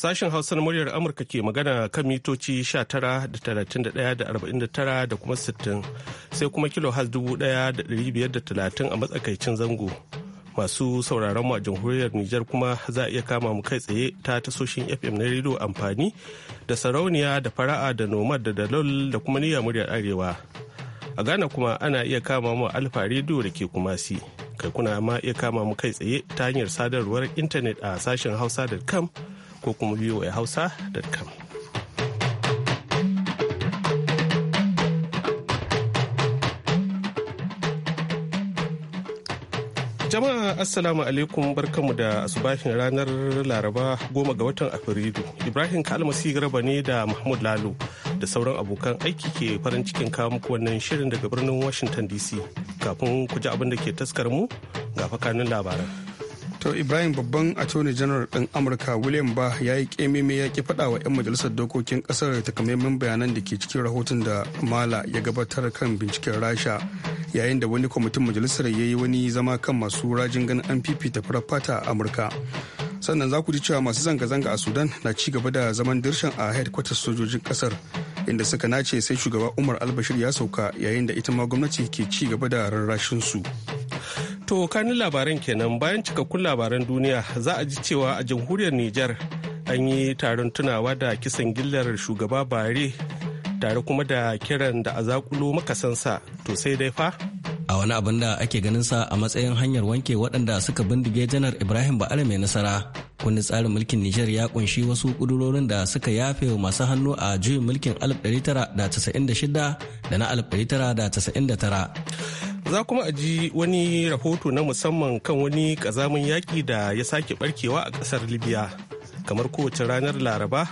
Sashen Hausa na muryar Amurka ke magana kan mitoci 19 da da da kuma 60 sai kuma kilo has 1,530 a matsakaicin zango. Masu sauraron mu a jamhuriyar Nijar kuma za a iya kama mu kai tsaye ta tasoshin FM na rediyo amfani da sarauniya da fara'a da nomad da dalol da kuma niyyar muryar arewa. A Ghana kuma ana iya kama mu alfa rediyo da ke kumasi. Kai kuna ma iya kama mu kai tsaye ta hanyar sadarwar intanet a sashen hausa.com ko kuma voa hausa.com jama'a assalamu alaikum barkanmu da asubahin ranar laraba goma ga watan afrilu ibrahim kalmasi garba ne da mahmud lalo da sauran abokan aiki ke farin cikin kawo muku wannan shirin daga birnin washington dc kafin ku ji abin da ke taskar mu ga fakanin labaran to ibrahim babban attorney general din amurka william ba ya yi kememe ya ki faɗa wa 'yan majalisar dokokin ƙasar takamaiman bayanan da ke cikin rahoton da mala ya gabatar kan binciken rasha yayin da wani kwamitin majalisar ya yi wani zama kan masu rajin ganin an fifita fara fata a amurka sannan za ku ji cewa masu zanga-zanga a sudan na ci gaba da zaman dirshan a headquarters sojojin kasar inda suka nace sai shugaba umar albashir ya sauka yayin da ita ma gwamnati ke ci gaba da rarrashin su. To kanin labaran kenan bayan cikakkun labaran duniya za a ji cewa a jamhuriyar Nijar an yi taron tunawa da kisan gillar shugaba bare tare kuma da kiran da a zakulo makasansa to sai dai fa. A wani abin da ake ganin sa a matsayin hanyar wanke waɗanda suka bindige janar Ibrahim Ba'ala mai nasara. Kundin tsarin mulkin Nijar ya kunshi wasu kudurorin da suka yafe wa masu hannu a juyin mulkin 1996 da na 1999. za kuma a ji wani rahoto na musamman kan wani kazamin yaƙi da ya sake barkewa a ƙasar libya kamar kowace ranar laraba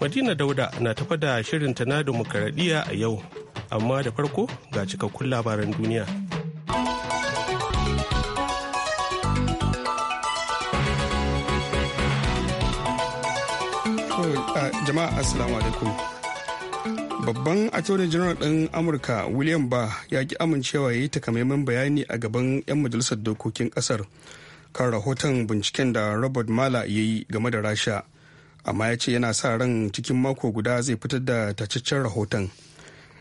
madina dauda na tafa da shirinta na demokaradiyya a yau amma da farko ga cikakkun labaran duniya jama'a assalamu alaikum babban attorney general ɗin amurka william ba ya ki amincewa ya yi takamaiman bayani a gaban 'yan majalisar dokokin kasar kan rahoton binciken da robert mala ya yi game da rasha amma ya ce yana sa ran cikin mako guda zai fitar da tacaccen rahoton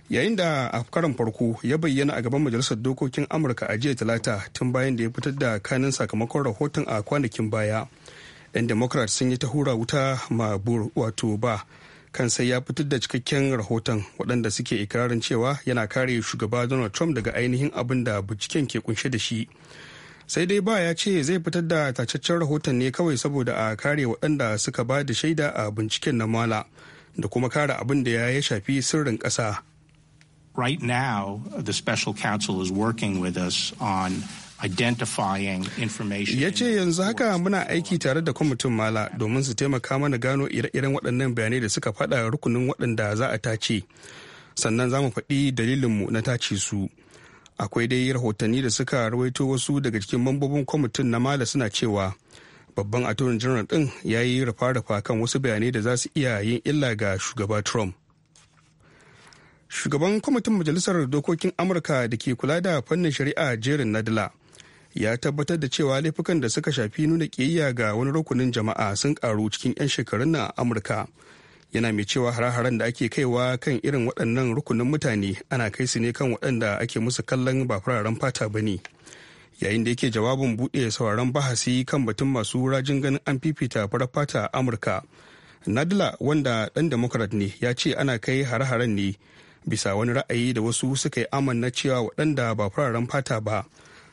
yayin da a karan farko ya bayyana a gaban majalisar dokokin amurka a jiya talata tun bayan da ya fitar da kanin sakamakon rahoton a kwanakin baya 'yan democrat sun yi ta hura wuta ma wato ba kan sai ya fitar da cikakken rahoton waɗanda suke ikirarin cewa yana kare shugaba donald trump daga ainihin abin da binciken ke kunshe da shi sai dai ba ya ce zai fitar da tacaccen rahoton ne kawai saboda a kare waɗanda suka ba da shaida a binciken na mala da kuma kare abin da ya shafi sirrin ƙasa. Right now, the special counsel is working with us on identifying information. Ya ce yanzu haka muna aiki tare da kwamitin mala domin su taimaka mana gano ire-iren waɗannan bayanai da suka faɗa rukunin waɗanda za a tace. Sannan za mu faɗi dalilinmu na tace su. Akwai dai rahotanni da suka rawaito wasu daga cikin mambobin kwamitin na mala suna cewa babban attorney general ɗin ya yi rafa-rafa kan wasu bayanai da za su iya yin illa ga shugaba Trump. Shugaban kwamitin Majalisar Dokokin Amurka da ke kula da fannin shari'a jerin nadla ya tabbatar da cewa laifukan da suka shafi nuna ƙiyayya ga wani rukunin jama'a sun karu cikin 'yan shekarun na amurka yana mai cewa hare-haren da ake kaiwa kan irin waɗannan rukunin mutane ana kai su ne kan waɗanda ake musu kallon ba fararen fata ba ne yayin da yake jawabin buɗe sauraron bahasi kan batun masu rajin ganin an fifita farar fata amurka nadla wanda ɗan democrat ne ya ce ana kai hare-haren ne bisa wani ra'ayi da wasu suka yi amanna cewa waɗanda ba fararen fata ba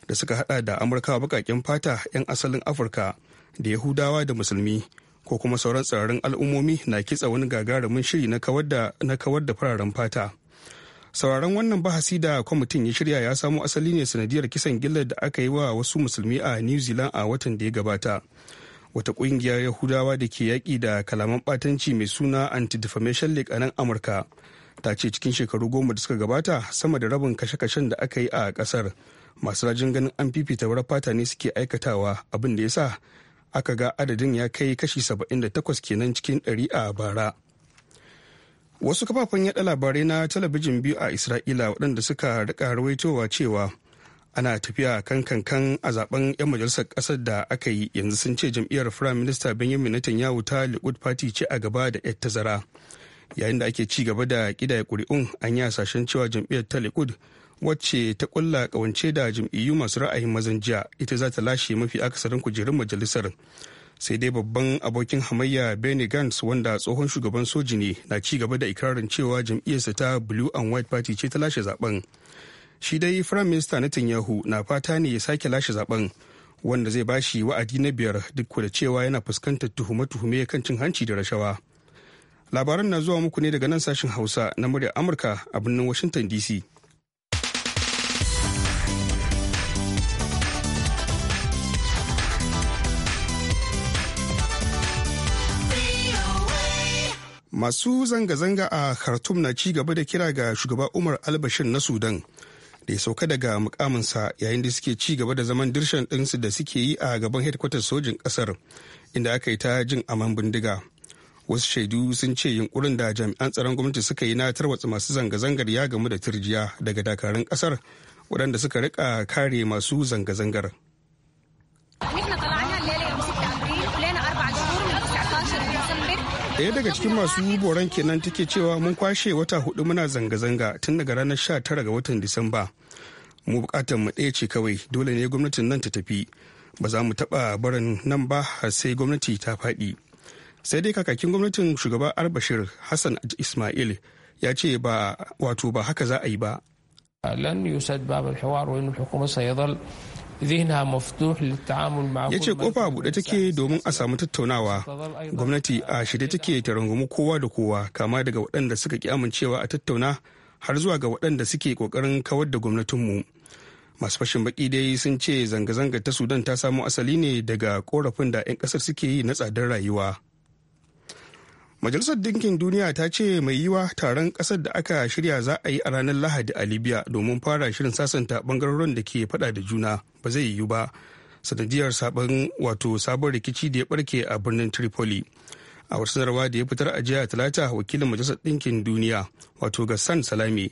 da suka hada da amurkawa bakaken fata 'yan asalin afirka da yahudawa da musulmi ko kuma sauran tsararin al'ummomi na kitsa wani gagarumin shiri na kawar da fararen fata sauraron wannan bahasi da kwamitin ya shirya ya samo asali ne sanadiyar kisan gillar da aka yi wa wasu musulmi a new zealand a watan da ya gabata wata kungiyar yahudawa da ke yaƙi da kalaman batanci mai suna anti-defamation league a nan amurka ta ce cikin shekaru goma da suka gabata sama da rabin kashe-kashen da aka yi a ƙasar masu rajin ganin an fifita wurin fata ne suke aikatawa abin da ya sa aka ga adadin ya kai kashi 78 kenan cikin 100 a bara wasu kafafen yada labarai na talabijin biyu a isra'ila waɗanda suka rika rawaitowa cewa ana tafiya kan kankan a zaben 'yan majalisar ƙasar da aka yi yanzu sun ce jam'iyyar firayim minista benjamin netanyahu ta likud party ce a gaba da 'yar tazara yayin da ake ci gaba da ƙidaya ƙuri'un an yi hasashen cewa jam'iyyar ta likud wacce ta kulla kawance da jam'iyyu masu ra'ayin mazan jiya ita za ta lashe mafi akasarin kujerun majalisar sai dai babban abokin hamayya benny gantz wanda tsohon shugaban soji ne na ci gaba da ikirarin cewa jam'iyyarsa ta blue and white party ce ta lashe zaben shi dai prime minister netanyahu na fata ne ya sake lashe zaben wanda zai bashi wa'adi na biyar duk da cewa yana fuskantar tuhume-tuhume kan cin hanci da rashawa labaran na zuwa muku ne daga nan sashen hausa na muryar amurka a birnin washington dc masu zanga-zanga a khartoum na ci gaba da kira ga shugaba umar albashir na sudan da ya sauka daga mukaminsa yayin da suke ci gaba da zaman dirshan ɗinsu da suke yi a gaban headquarters sojin ƙasar inda aka yi ta jin aman bindiga wasu shaidu sun ce yunkurin da jami'an tsaron gwamnati suka yi na tarwatsa masu zanga-zangar ya gamu da turjiya daga dakarun ƙasar waɗanda suka rika kare masu zanga-zangar. Daya daga cikin masu boran kenan take cewa mun kwashe wata hudu muna zanga-zanga tun daga ranar 19 ga watan Disamba. Mu bukatar mu ɗaya ce kawai dole ne gwamnatin nan ta tafi. Ba za mu taɓa barin nan ba har sai gwamnati ta faɗi. Sai dai kakakin gwamnatin shugaba Arbashir Hassan Ismail ya ce ba wato ba haka za a yi ba. lan yusad bab hawar wani wa inna ya ce kofa a buɗe take domin a samu tattaunawa gwamnati a shirye take ta rungumi kowa da kowa kama daga waɗanda suka ki amincewa a tattauna har zuwa ga waɗanda suke ƙoƙarin kawar da gwamnatinmu masu fashin baki dai sun ce zanga-zanga ta sudan ta samo asali ne daga korafin da 'yan ƙasar suke yi na tsadar rayuwa majalisar dinkin duniya ta ce mai yiwa taron ƙasar da aka shirya za a yi a ranar lahadi a libya domin fara shirin sasanta bangarorin da ke fada da juna ba zai yiwu ba sanadiyar sabon wato sabon rikici da ya barke a birnin tripoli a wasu sanarwa da ya fitar a jiya talata wakilin majalisar dinkin duniya wato gassan salami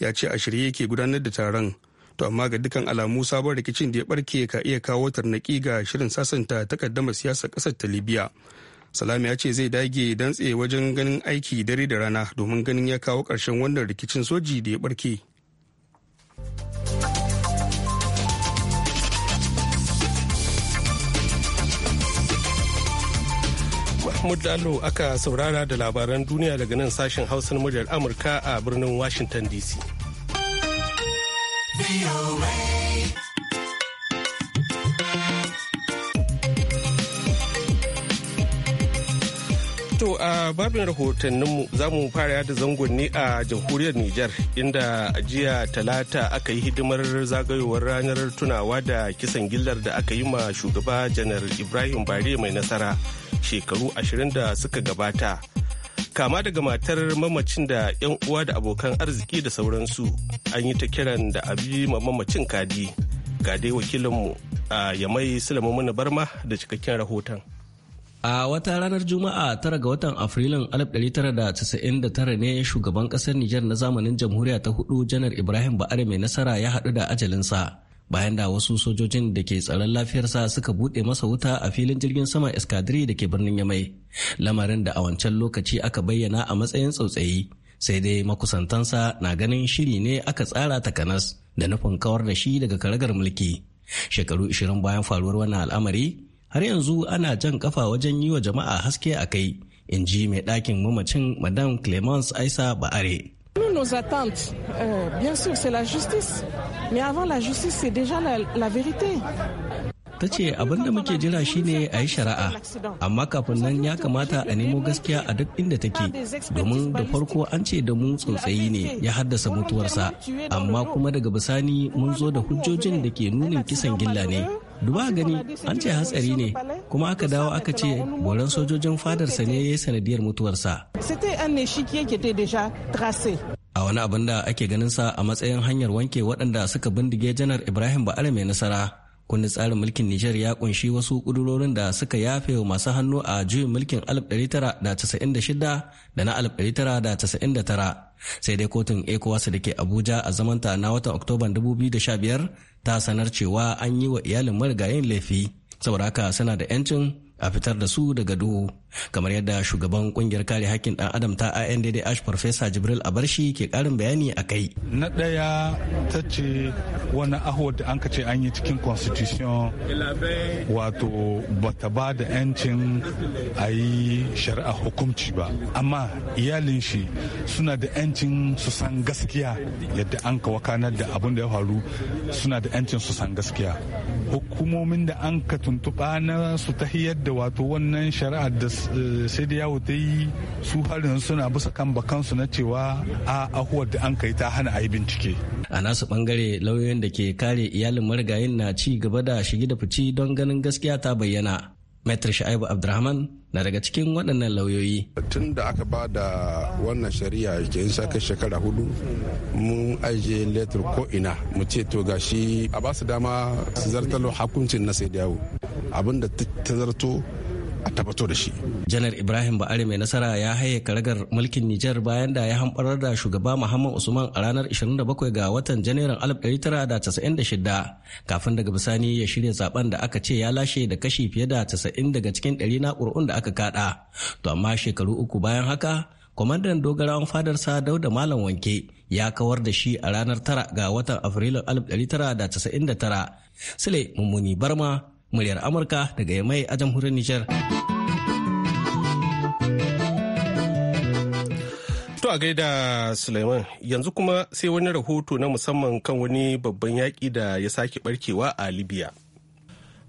ya ce a shirye yake gudanar da taron to amma ga dukkan alamu sabon rikicin da ya barke ka iya kawo tarnaki ga shirin sasanta takaddamar siyasar ƙasar ta libya salam ya ce zai dage dantse wajen ganin aiki dare da rana domin ganin ya kawo ƙarshen wannan rikicin soji da ya barke Mahmud Lalo aka saurara da labaran duniya daga nan sashen Hausa muryar Amurka a birnin Washington DC. a babin rahotanninmu za mu fara yada zangon ne a jamhuriyar Nijar inda ajiya jiya talata aka yi hidimar zagayowar ranar tunawa da kisan gillar da aka yi ma shugaba janar Ibrahim Bare mai nasara shekaru ashirin da suka gabata. Kama daga matar mamacin da 'yan uwa da abokan arziki da sauransu an yi ta kiran da abi mamacin kadi. Ga dai wakilinmu a Yamai Sulaiman Barma da cikakken rahoton. A wata ranar Juma'a tara ga watan Afrilun 1999 ne shugaban ƙasar Nijar na zamanin jamhuriya ta hudu janar Ibrahim Ba'are mai nasara ya haɗu da ajalinsa. Bayan da wasu sojojin da ke tsaron lafiyarsa suka buɗe masa wuta a filin jirgin sama iskadiri da ke birnin Yamai, lamarin da a wancan lokaci aka bayyana a matsayin tsautsayi. Sai dai makusantansa na ganin shiri ne aka tsara takanas da nufin kawar da shi daga karagar mulki. Shekaru 20 bayan faruwar wannan al'amari, har yanzu ana jan kafa wajen yi wa jama'a haske a kai in ji mai ɗakin mamacin madam clemence aisa ba'are Nous, nos attentes, euh, bien sûr, ta ce abin da muke jira shine a yi shari'a amma kafin nan ya kamata a nemo gaskiya a duk inda take domin da farko an ce da mu tsotsayi ne ya haddasa mutuwarsa amma kuma daga bisani mun zo da hujjojin da ke nunin kisan gilla ne duba gani an ce hatsari ne kuma aka dawo aka ce boran sojojin fadarsa ne ya yi sanadiyar mutuwarsa a wani abin da ake ganin sa a matsayin hanyar wanke waɗanda suka bindige janar ibrahim ba'ala mai nasara kundin tsarin mulkin nijar ya kunshi wasu ƙudurorin da suka yafe wa masu hannu a juyin mulkin 1996 da na 1999 sai dai kotun ecowas da ke abuja a zamanta na watan oktoban 2015 ta sanar cewa an yi wa iyalin marigayin laifi saboda haka suna da 'yancin a fitar da su daga duhu kamar yadda shugaban kungiyar kare hakkin dan adam ta daidai Ash Professor Jibril Abarshi ke karin bayani a kai. Na ɗaya ta ce wani ahuwar da an ce an yi cikin constitution wato bata ba da 'yancin a yi shari'a hukunci ba amma iyalin shi suna da 'yancin su san gaskiya yadda an ka wakanar da abun da ya faru suna da 'yancin su san gaskiya hukumomin da an ka tuntuɓa na su ta hiyar da wato wannan shari'ar da sai eh, da yawo ta yi su harin suna bisa kan bakansu na cewa a ahuwar da an kai ta hana a yi bincike a nasu bangare lauyoyin da ke kare iyalin marigayin na ci gaba da shige da fice don ganin gaskiya ta bayyana Maitre Sha'ibu Abdurrahman na daga cikin waɗannan lauyoyi. Tun da aka ba da wannan shari'a ke in kai shekara hudu mun aje letter ko ina mu ce to gashi a ba su dama su zartalo hakuncin na sai dawo abinda ta zarto a tabbato da shi. Janar Ibrahim Ba'ari mai nasara ya haye karagar mulkin Nijar bayan da ya hamɓarar da shugaba Muhammad Usman a ranar 27 ga watan Janairun 1996 kafin daga bisani ya shirya zaben da aka ce ya lashe da kashi fiye da 90 daga cikin 100 na ƙuri'un da aka kada. To amma shekaru uku bayan haka kwamandan dogarawan fadarsa dauda malam wanke ya kawar da shi a ranar 9 ga watan afrilun 1999 sule mummuni barma muryar amurka daga yamai a jamhuriyar nijar To a gaida Suleiman yanzu kuma sai wani rahoto na musamman kan wani babban yaƙi da ya sake barkewa a Libya.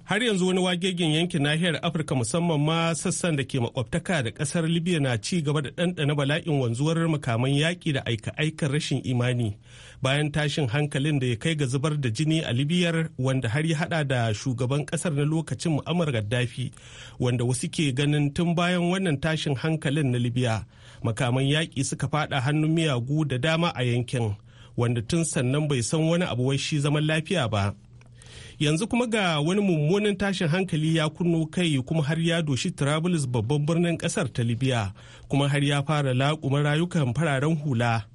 Har yanzu wani wagegen yankin nahiyar Afirka musamman ma sassan da ke makwabtaka da kasar Libya na ci gaba da ɗanɗana bala'in wanzuwar makaman yaƙi da aika aikan rashin imani bayan tashin hankalin da ya kai ga zubar da jini a libiyar wanda har ya hada da shugaban kasar na lokacin mu'amar gaddafi wanda wasu ke ganin tun bayan wannan tashin hankalin na libya makaman yaƙi suka fada hannun miyagu da dama a yankin wanda tun sannan bai san wani abu wai shi zaman lafiya ba yanzu kuma ga wani mummunan tashin hankali ya kunno kai kuma har ya doshi Trablus babban birnin kasar ta Libya kuma har ya fara laƙuma rayukan fararen hula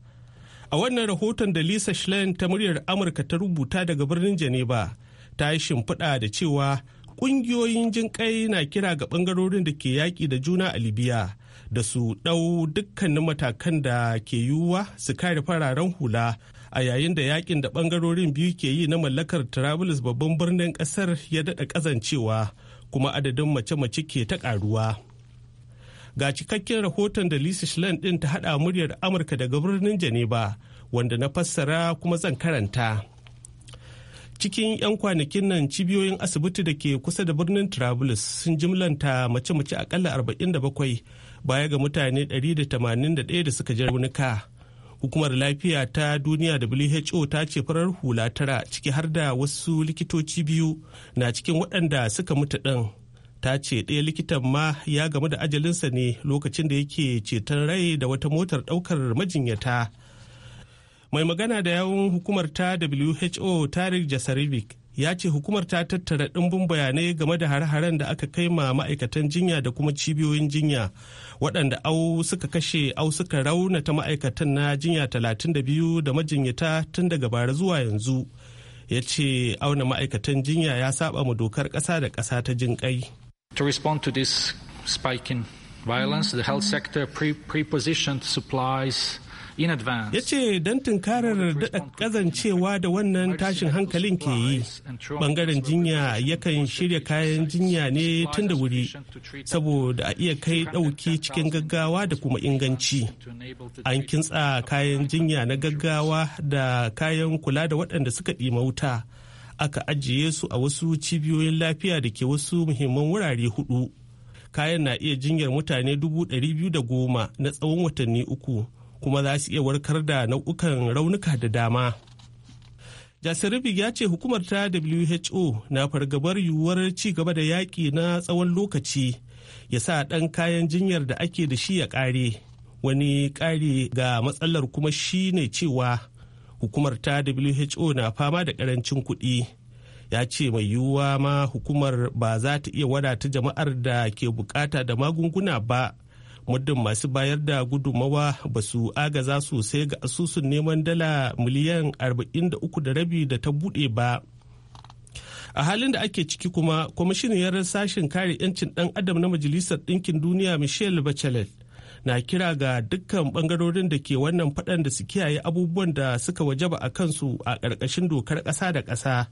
A wannan rahoton da Lisa Schlein ta muryar Amurka ta rubuta daga birnin Geneva ta yi shimfiɗa da cewa ƙungiyoyin jinƙai na kira ga ɓangarorin da ke yaƙi da juna a Libya da su ɗau dukkanin matakan da ke yiwuwa su kare fararen hula a yayin da yaƙin da ɓangarorin biyu ke yi na mallakar Trablus babban birnin ƙasar ya daɗa ƙazancewa kuma adadin mace-mace ke ta ƙaruwa. Ga cikakken rahoton da Lisa Schlein ɗin ta haɗa muryar Amurka daga birnin Geneva wanda na fassara kuma zan karanta. Cikin 'yan kwanakin nan cibiyoyin asibiti da ke kusa da birnin Trablus sun jimlanta mace-mace akalla 47 baya ga mutane 181 da suka je raunuka. hukumar lafiya ta duniya who ta ce farar hula tara ciki har da wasu likitoci biyu na cikin waɗanda suka mutu ɗin ta ce ɗaya likitan ma ya gamu da ajalinsa ne lokacin da yake ceton rai da wata motar ɗaukar majinyata mai magana da yawun hukumar ta who tarik jasarivic ya ce hukumar ta tattara ɗimbin bayanai game da hare-haren da aka kai ma ma'aikatan jinya da kuma cibiyoyin jinya waɗanda au suka kashe au suka ta ma'aikatan na jinya 32 da majinyata tun daga bara zuwa yanzu ya ce auna ma'aikatan jinya ya saba ma dokar ƙasa da ƙasa ta jinƙai. To respond to this spike in violence, the health sector pre-positioned supplies ya ce don tunkarar daɗa ƙazancewa da wannan tashin hankalin ke yi ɓangaren jinya yakan shirya kayan jinya ne tun da wuri saboda a iya kai ɗauki cikin gaggawa da kuma inganci an kintsa kayan jinya na gaggawa da kayan kula da waɗanda suka ɗima wuta aka ajiye su a wasu cibiyoyin lafiya da ke wasu muhimman wurare hudu kayan na iya jinyar mutane dubu biyu da goma na tsawon watanni uku kuma za su iya warkar da nau'ukan raunuka da dama jasiribig ya ce hukumar ta who na fargabar yiwuwar ci gaba da yaƙi na tsawon lokaci ya sa ɗan kayan jinyar da ake da shi ya ƙare wani ƙare ga matsalar kuma shi ne cewa hukumar ta who na fama da karancin kuɗi ya ce mai yiwuwa ma hukumar ba za ta iya wadata jama'ar da ke bukata da magunguna ba muddin masu bayar da gudummawa ba su agaza sosai ga asusun neman dala miliyan 43 da rabi da ta buɗe ba a halin da ake ciki kuma kwamishin kwamishiniyar sashen kare 'yancin ɗan adam na majalisar ɗinkin duniya michelle bachelet na kira ga dukkan bangarorin da ke wannan faɗan da su kiyaye abubuwan da suka wajaba a kansu a ƙarƙashin dokar ƙasa da ƙasa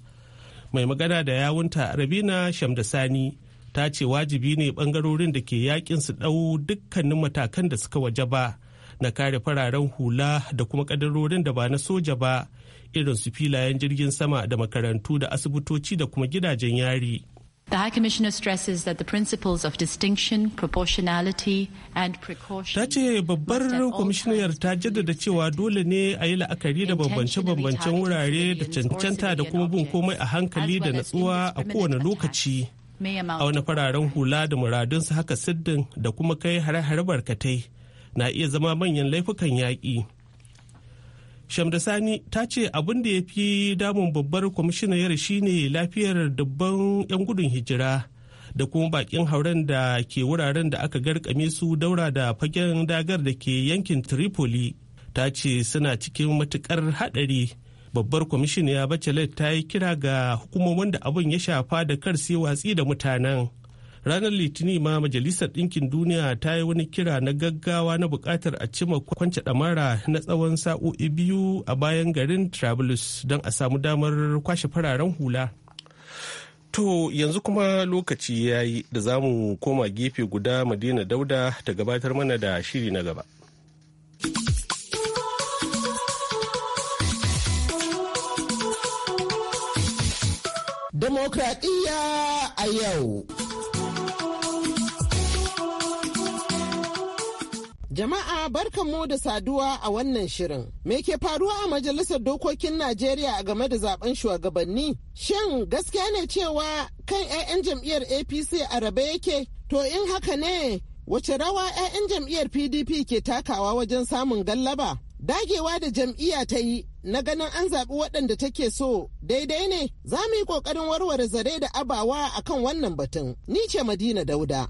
mai magana da yawunta rabina shamdasani ta ce wajibi ne bangarorin da ke yakin su ɗau dukkanin matakan da suka wajaba na kare fararen hula da kuma kadarorin da ba na soja ba irin su filayen jirgin sama da makarantu da asibitoci da kuma gidajen yari The High Commissioner stresses that the principles of distinction, proportionality and precaution. Ta ce babbar kwamishiniyar ta jaddada cewa dole ne a yi la'akari da bambance-bambancen wurare da cancanta da kuma bin komai a hankali da natsuwa a kowane lokaci. A wani fararen hula da muradunsu haka siddin da kuma kai hare-hare barkatai na iya zama manyan laifukan yaƙi. Shamdasani ta ce abin da ya fi damun babbar kwamishinayar shine lafiyar dubban 'yan gudun hijira da kuma bakin hauren da ke wuraren da aka garkame su daura da fagen dagar da ke yankin Tripoli. Ta ce suna cikin matukar haɗari. Babbar kwamishinaya Bachelet ta yi kira ga hukumomin da abin ya shafa da kar watsi da mutanen. ranar litinin ma majalisar ɗinkin duniya ta yi wani kira na gaggawa na buƙatar a cima kwance ɗamara na tsawon sa'o'i biyu a bayan garin trablus don a samu damar kwashe fararen hula To yanzu kuma lokaci ya yi da za mu koma gefe guda Madina Dauda ta gabatar mana da shiri na gaba. Demokradiyya a yau. Jama'a barkanmu da saduwa a wannan shirin. Me ke faruwa a Majalisar Dokokin Najeriya a game da zaben shugabanni? Shin gaskiya ne cewa kan 'ya'yan jam'iyyar APC a rabe yake? To in haka ne, wace rawa 'ya'yan jam'iyyar PDP ke takawa wajen samun gallaba? Dagewa da jam'iyya ta yi na ganin an zaɓi waɗanda take so daidai ne za mu yi ƙoƙarin warware zare da abawa akan wannan batun. Ni ce Madina Dauda.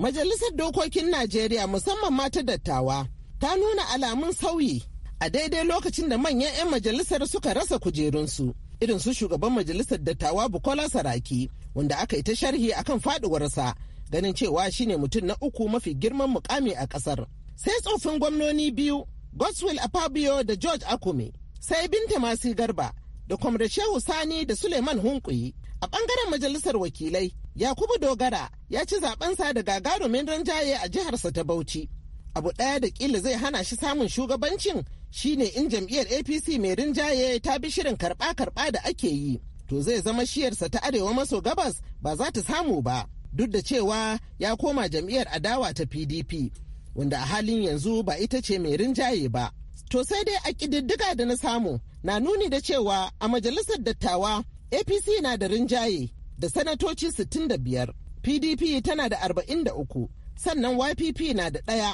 Majalisar Dokokin Najeriya musamman mata dattawa ta nuna alamun sauyi a daidai lokacin da manyan 'yan majalisar suka rasa kujerunsu. Irin su shugaban majalisar dattawa Bukola Saraki wanda aka yi ta sharhi akan faduwarsa ganin cewa shine mutum na uku mafi girman mukami a kasar. Sai tsofin gwamnoni biyu Godswill Afabio da George Akume, sai Binta Masi Garba da Kwamre Shehu Sani da Suleiman Hunkuyi. A ɓangaren majalisar wakilai, Yakubu Dogara ya ci zabensa da gagarumin rinjaye a jiharsa ta Bauchi. Abu ɗaya da ƙila zai hana shi samun shugabancin shine in jam'iyyar APC mai rinjaye ta bi shirin karɓa-karɓa da ake yi. To zai zama shiyarsa ta arewa maso gabas ba za ta samu ba, duk da cewa ya koma jam'iyyar adawa ta PDP, wanda a halin yanzu ba ita ce mai rinjaye ba. To sai dai a ƙididdiga da na samu na nuni da cewa a majalisar dattawa APC na da rinjaye da sanatoci 65 pdp tana da 43 sannan ypp na da ɗaya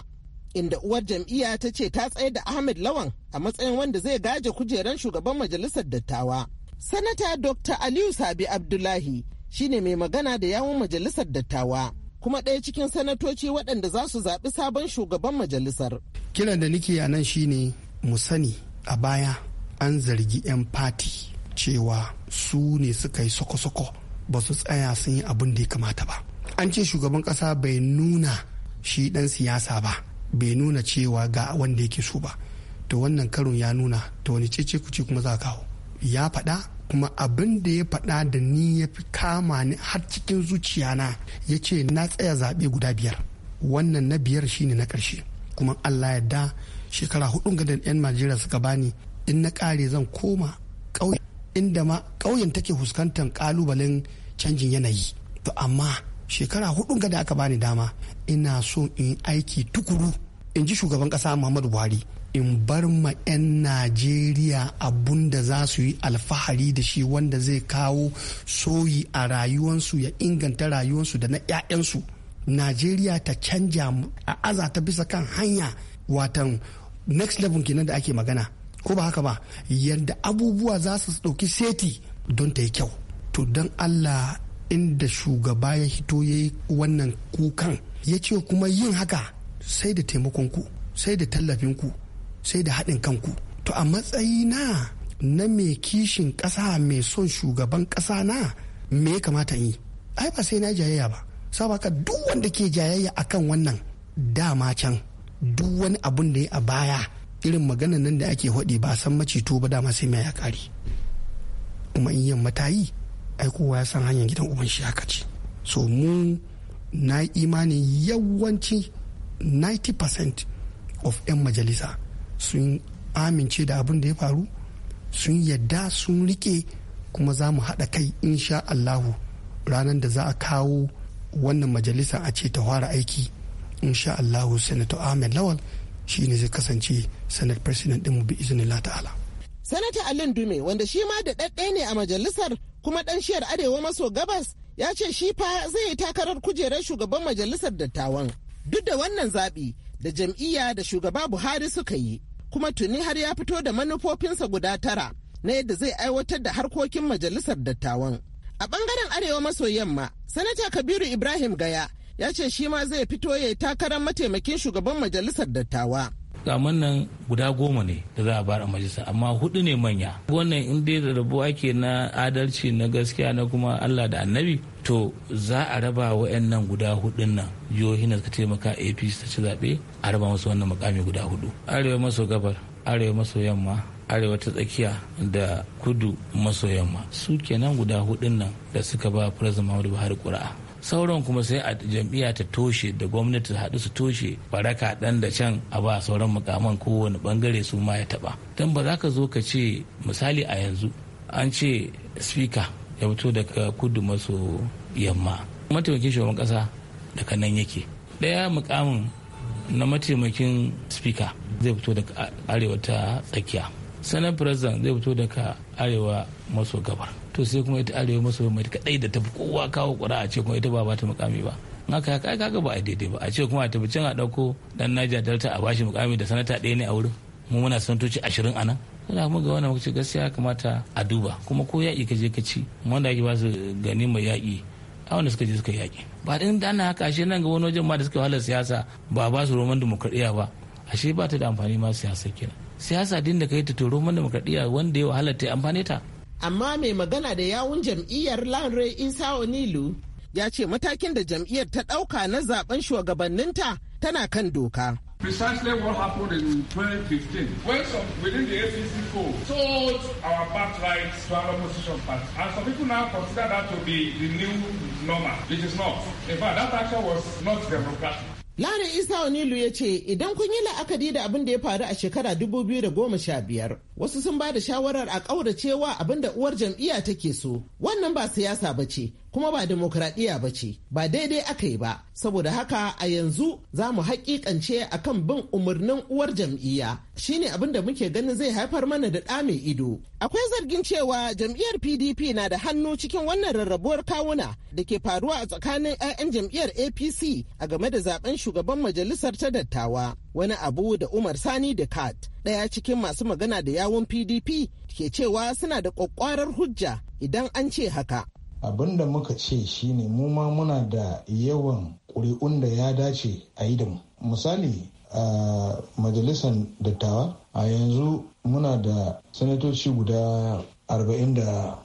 inda uwar jam'iyya ta ce ta tsaye da ahmed lawan a matsayin wanda zai gaje kujeran shugaban majalisar dattawa sanata dr aliyu sabi abdullahi shine mai magana da yawun majalisar dattawa kuma ɗaya cikin sanatoci waɗanda za su zaɓi sabon shugaban majalisar kiran da nike a nan shine mu sani a baya an zargi 'yan fati cewa su ne suka yi soko-soko ba su tsaya sun yi abin da ya kamata ba an ce shugaban kasa bai nuna shi dan siyasa ba bai nuna cewa ga wanda yake so ba to wannan karon ya nuna to wani cece kuce kuma za kawo ya faɗa kuma abin da ya faɗa da ni ya fi kama ni har cikin zuciyana ya ce na tsaya zaɓe guda biyar wannan na biyar shine na ƙarshe kuma allah ya da shekara hudun gadan 'yan najeriya suka bani in na kare zan koma ƙauye inda ma ƙauyen take fuskantar ƙalubalen canjin yanayi to amma shekara hudu ga da aka bani dama ina so in aiki tukuru in ji shugaban ƙasa muhammadu buhari in bar ma 'yan najeriya abun da za su yi alfahari da shi wanda zai kawo soyi a rayuwansu ya inganta rayuwansu da na 'ya'yansu najeriya ta canja a aza ta bisa kan hanya watan next level kenan da ake magana ko ba haka ba yadda abubuwa za su ɗauki seti don ta yi kyau to don allah inda shugaba ya hito ya yi wannan kukan ya ce kuma yin haka sai da taimakon ku sai da tallafin ku sai da haɗin kanku to a matsayi na na mai kishin ƙasa mai son shugaban ƙasa na me ya kamata yi ai ba sai na jayayya ba sabaka duk wanda ke jayayya akan wannan dama can duk wani abun da ya a baya irin maganan nan da ake haɗi ba san macito ba dama sai mai ya kare kuma in yamma ta yi ai kowa ya san hanyar gidan uban shi haka ce so mu na imanin yawanci 90% of 'yan majalisa sun amince da abin da ya faru sun yadda sun rike kuma za mu haɗa kai insha Allahu ranar da za a kawo wannan majalisa a ce ta fara aiki insha Allahu Senator Ahmed Lawal shi ne zai kasance senate president din mu bi la ta'ala sanata alin dume wanda shi ma da ɗaɗɗe ne a majalisar kuma ɗan shiyar arewa maso gabas ya ce shi fa zai yi takarar kujerar shugaban majalisar dattawan duk da wannan zaɓi da jam'iyya da shugaba buhari suka yi kuma tuni har ya fito da manufofinsa guda tara na yadda zai aiwatar da harkokin majalisar dattawan a bangaren arewa maso yamma sanata kabiru ibrahim gaya ya ce shi ma zai fito ya yi takarar mataimakin shugaban majalisar dattawa. kaman nan guda goma ne da za a bar a majalisa amma hudu ne manya wannan in dai da rabo ake na adalci na gaskiya na kuma allah da annabi to za a raba wa'annan guda hudun nan jihohin da ka taimaka apc ta ci zaɓe a raba masu wannan mukami guda hudu arewa maso gabar arewa maso yamma arewa ta tsakiya da kudu maso yamma su kenan guda hudun nan da suka ba firazin muhammadu buhari ƙura'a sauran kuma sai a jam'iyya ta toshe da gwamnati haɗu su toshe baraka ɗan da can a ba sauran mukaman kowane bangare su ma ya taɓa don ba za ka zo ka ce misali a yanzu an ce speaker ya fito daga kudu maso yamma mataimakin shugaban ƙasa daga nan yake ɗaya mukamin na mataimakin speaker zai fito daga arewa ta tsakiya sanar president zai fito daga arewa maso gabar to sai kuma ita arewa maso mai kadai da tafi kowa kawo kura a ce kuma ita ba ba ta mukami ba haka ya kai kaga ba a daidai ba a ce kuma a tafi can a dauko dan Niger Delta a bashi mukami da sanata ɗaya ne a wurin mu muna santoci ashirin a nan kana mu ga wannan mukaci gaskiya kamata a duba kuma ko yaƙi ka je ka ci wanda ake ba su gani mai yaƙi a wanda suka je suka yaƙi ba ɗin da ana haka ashe nan ga wani wajen ma da suka wahalar siyasa ba ba su roman demokradiyya ba ashe ba ta da amfani ma siyasa kenan siyasa din da ka yi ta to roman demokradiyya wanda ya wahalar ta amfane ta amma mai magana da yawun jam'iyyar lanre isa onilu ya ce matakin da jam'iyyar ta ɗauka na zaben shugabanninta tana kan doka Precisely what happened in 2015, when some within the APC fold sold our birthrights to our opposition party. And some people now consider that to be the new normal. It is not. In fact, that action was not democratic. Lare Isa Onilu ya ce idan kun yi la'akari da abin da ya faru a shekara 2015 wasu sun ba da shawarar a ƙauracewa abin da uwar jam'iyya take so wannan ba siyasa ba ce kuma ba demokradiyya ba ce ba daidai aka yi ba saboda haka a yanzu za mu haƙiƙance akan bin umarnin uwar jam'iyya shine abin da muke ganin zai haifar mana da ɗa mai ido akwai zargin cewa jam'iyyar pdp na da hannu cikin wannan rarrabuwar kawuna da ke faruwa a tsakanin 'ya'yan jam'iyyar apc a game da zaben shugaban majalisar ta dattawa wani abu da umar sani da kat ɗaya cikin masu magana da yawun pdp ke cewa suna da ƙwaƙƙwarar hujja idan an ce haka abin da muka ce shine mu ma muna da yawan ƙuri'un da ya dace a yi da mu misali a majalisar dattawa a yanzu muna da sanatoci guda 43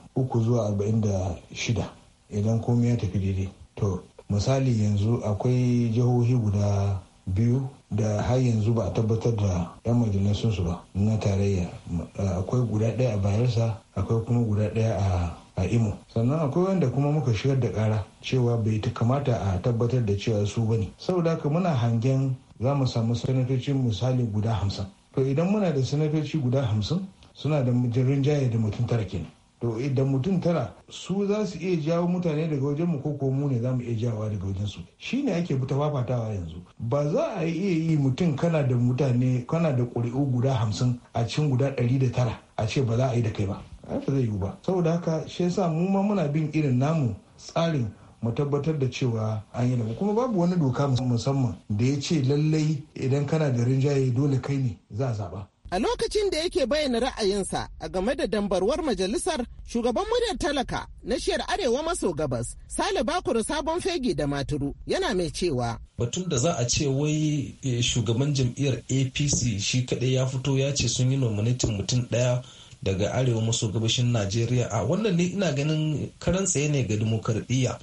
zuwa 46 idan komai ya tafi daidai to misali yanzu akwai jihohi guda biyu da har yanzu ba a tabbatar da 'yan majalisunsu ba na tarayya akwai guda ɗaya a bayarsa akwai kuma guda ɗaya a a imo sannan akwai wanda kuma muka shigar da kara cewa bai kamata a tabbatar da cewa su bane saboda haka muna hangen za mu samu sanatocin misali guda hamsin to idan muna da sanatoci guda hamsin suna da jaye da mutum tara kenan to idan mutum tara su za su iya jawo mutane daga wajen mu ko mu ne za mu iya jawowa daga wajen su shine ake buta fafatawa yanzu ba za a iya yi mutum kana da mutane kana da ƙuri'u guda hamsin a cikin guda ɗari da tara a ce ba za a yi da kai ba ai ba zai yiwu ba saboda haka shi yasa mu ma muna bin irin namu tsarin mu tabbatar da cewa an yi nama kuma babu wani doka musamman da ya ce lallai idan kana da rinjaye dole kai ne za a zaba a lokacin da yake bayyana ra'ayinsa a game da dambarwar majalisar shugaban muryar talaka na shiyar arewa maso gabas sale bakuru sabon fegi da maturu yana mai cewa batun da za a ce wai eh, shugaban jam'iyyar apc shi kadai ya fito ya ce sun yi nominatin mutum daya daga arewa maso gabashin najeriya a wannan ne ina ganin karan tsaye ne ga dimokuraɗiyya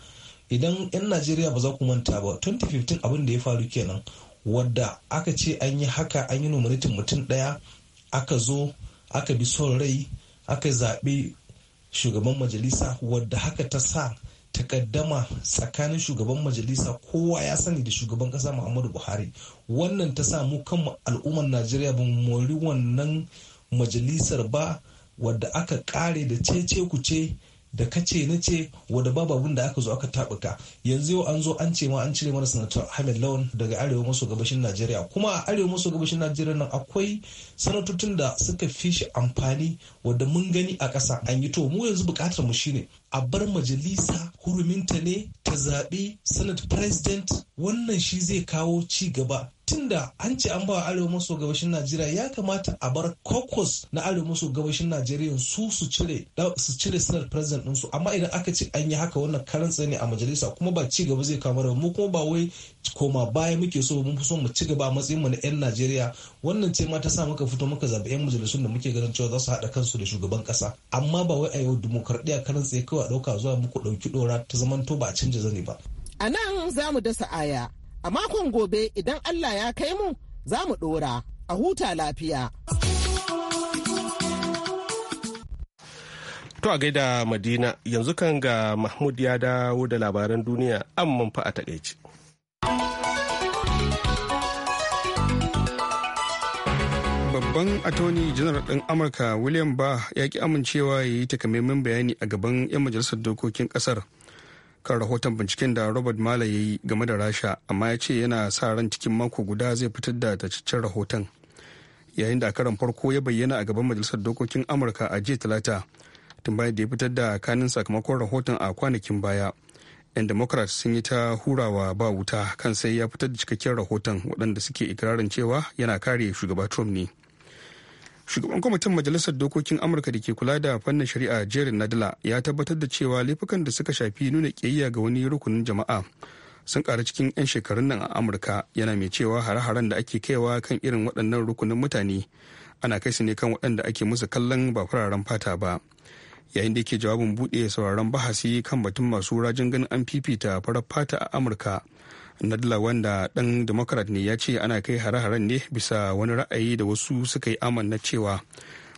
idan 'yan najeriya ba za ku manta ba 2015 abin da ya faru kenan wadda aka ce an yi haka an yi numaritin mutum ɗaya aka zo aka bi son rai aka zaɓi shugaban majalisa wadda haka ta sa takaddama tsakanin shugaban majalisa kowa ya sani da shugaban kasa muhammadu buhari wannan ta sa mu kanmu al'ummar najeriya ba mori wannan majalisar ba wadda aka kare da cece ce da kace na ce wadda babu abin da aka zo aka tabuka yanzu yau an zo an ce ma an cire mana sanatar Ahmed Lawan daga arewa maso gabashin Najeriya kuma a arewa maso gabashin Najeriya nan akwai sanatocin da suka fi shi amfani wadda mun gani a ƙasa an yi to mu yanzu bukatar mu shine a bar majalisa huruminta ne ta zaɓi senate president wannan shi zai kawo ci gaba da an ce an bawa arewa maso gabashin najeriya ya kamata a bar caucus na arewa maso gabashin najeriya su su cire su cire sanar president ɗinsu amma idan aka ce an yi haka wannan karan ne a majalisa kuma ba ci gaba zai kama da mu kuma ba wai koma baya muke so mun fi so mu ci gaba a matsayin mu na yan najeriya wannan ce ma ta sa muka fito muka zaɓi yan majalisun da muke ganin cewa za su haɗa kansu da shugaban ƙasa amma ba wai a yau dimokuraɗiyya karan tsaye kawai a ɗauka zuwa muku ɗauki ɗora ta zamanto ba a canja zani ba. a nan za mu dasa aya A makon gobe idan Allah ya kai mu za mu ɗora a huta lafiya. To a gaida Madina yanzu kan ga Mahmud ya dawo da labaran duniya an manfa a takaici. Babban atoni janar ɗin Amurka William Barr ya ki amincewa ya yi takamaiman bayani a gaban 'yan majalisar dokokin ƙasar. kan rahoton binciken da robert mala ya yi game da rasha amma ya ce yana sa ran cikin mako guda zai fitar da tacaccen rahoton yayin da karan farko ya bayyana a gaban majalisar dokokin amurka a jiya talata tun bayan da ya fitar da kanin sakamakon rahoton a kwanakin baya 'yan democrats sun yi ta hurawa ba wuta kan sai ya fitar da cikakken rahoton waɗanda suke ikirarin cewa yana kare shugaba trump ne shugaban kwamitin majalisar dokokin amurka da ke kula da fannin shari'a jerin nadala ya tabbatar da cewa laifukan da suka shafi nuna ƙiyayya ga wani rukunin jama'a sun ƙara cikin 'yan shekarun nan a amurka yana mai cewa hare-haren da ake kaiwa kan irin waɗannan rukunin mutane ana kai su ne kan waɗanda ake musu kallon ba fararen fata ba yayin da yake jawabin buɗe sauraron bahasi kan batun masu rajin ganin an fifita farar fata a amurka nadla wanda ɗan democrat ne ya ce ana kai hare-haren ne bisa wani ra'ayi da wasu suka yi amanna cewa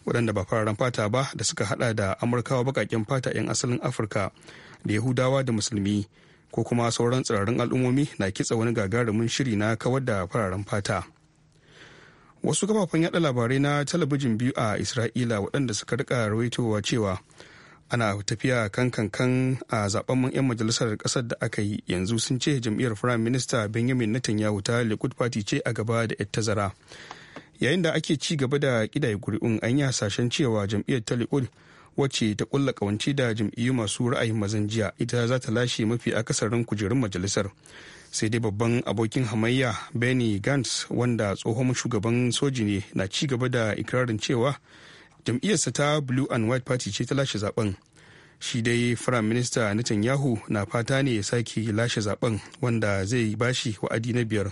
waɗanda ba fararen fata ba da suka hada da amurkawa baƙaƙen fata 'yan asalin afirka da yahudawa da musulmi ko kuma sauran tsirarin al'ummomi na kitsa wani gagarumin shiri na kawar da fararen fata wasu kafafen yada labarai na talabijin biyu a isra'ila waɗanda suka rika rawaitowa cewa ana tafiya kan kankan a zaben 'yan majalisar kasar da aka yi yanzu sun ce jam'iyyar prime minista benjamin netanyahu ta likud party ce a gaba da 'yar tazara yayin da ake ci gaba da kidaye kuri'un an yi hasashen cewa jam'iyyar ta likud wacce ta kulla kawance da jam'iyyu masu ra'ayin mazan jiya ita za ta lashe mafi akasarin kujerun majalisar sai dai babban abokin hamayya benny gantz wanda tsohon shugaban soji ne na ci gaba da ikirarin cewa jam'iyyarsa ta blue and white party ce ta lashe zaben shi dai firayim minista netanyahu na fata ne ya sake lashe zaben wanda zai bashi wa'adi na biyar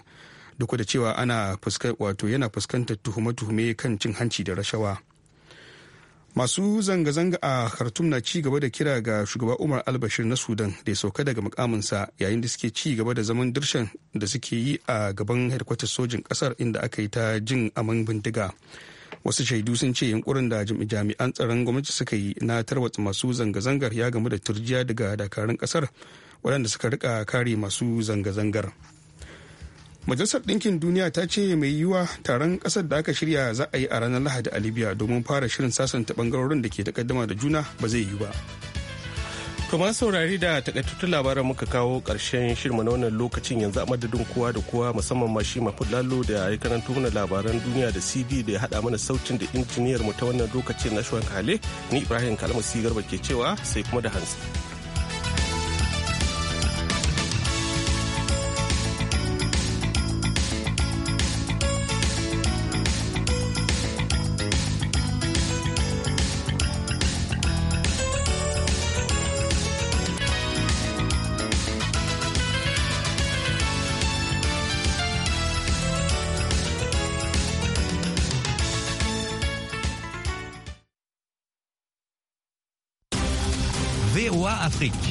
duk da cewa ana wato yana fuskantar tuhume-tuhume kan cin hanci da rashawa masu zanga-zanga a khartum na ci gaba da kira ga shugaba umar albashir na sudan da ya sauka daga mukaminsa yayin da suke ci gaba da zaman dirshan da suke yi a gaban hedkwatar sojin kasar inda aka yi ta jin aman bindiga wasu shaidu sun ce yunkurin da jami'an tsaron gwamnati suka yi na tarwatsa masu zanga-zangar ya gamu da turjiya daga dakarun kasar waɗanda suka rika kare masu zanga-zangar majalisar ɗinkin duniya ta ce mai yiwuwa taron ƙasar da aka shirya za a yi a ranar lahadi a libya domin fara shirin sasanta ɓangarorin da ke takaddama da juna ba zai yi ba Kuma saurari da takaitattun labaran muka kawo ƙarshen shirma na wannan lokacin yanzu a madadin kowa da kowa musamman ma shi mafi Lalo da ya karanto mana labaran duniya da CD da ya haɗa mana sautin da injiniyar mu ta wannan lokacin na Shuwan Kale ni Ibrahim Kalmasi Garba ke cewa sai kuma da hantsi.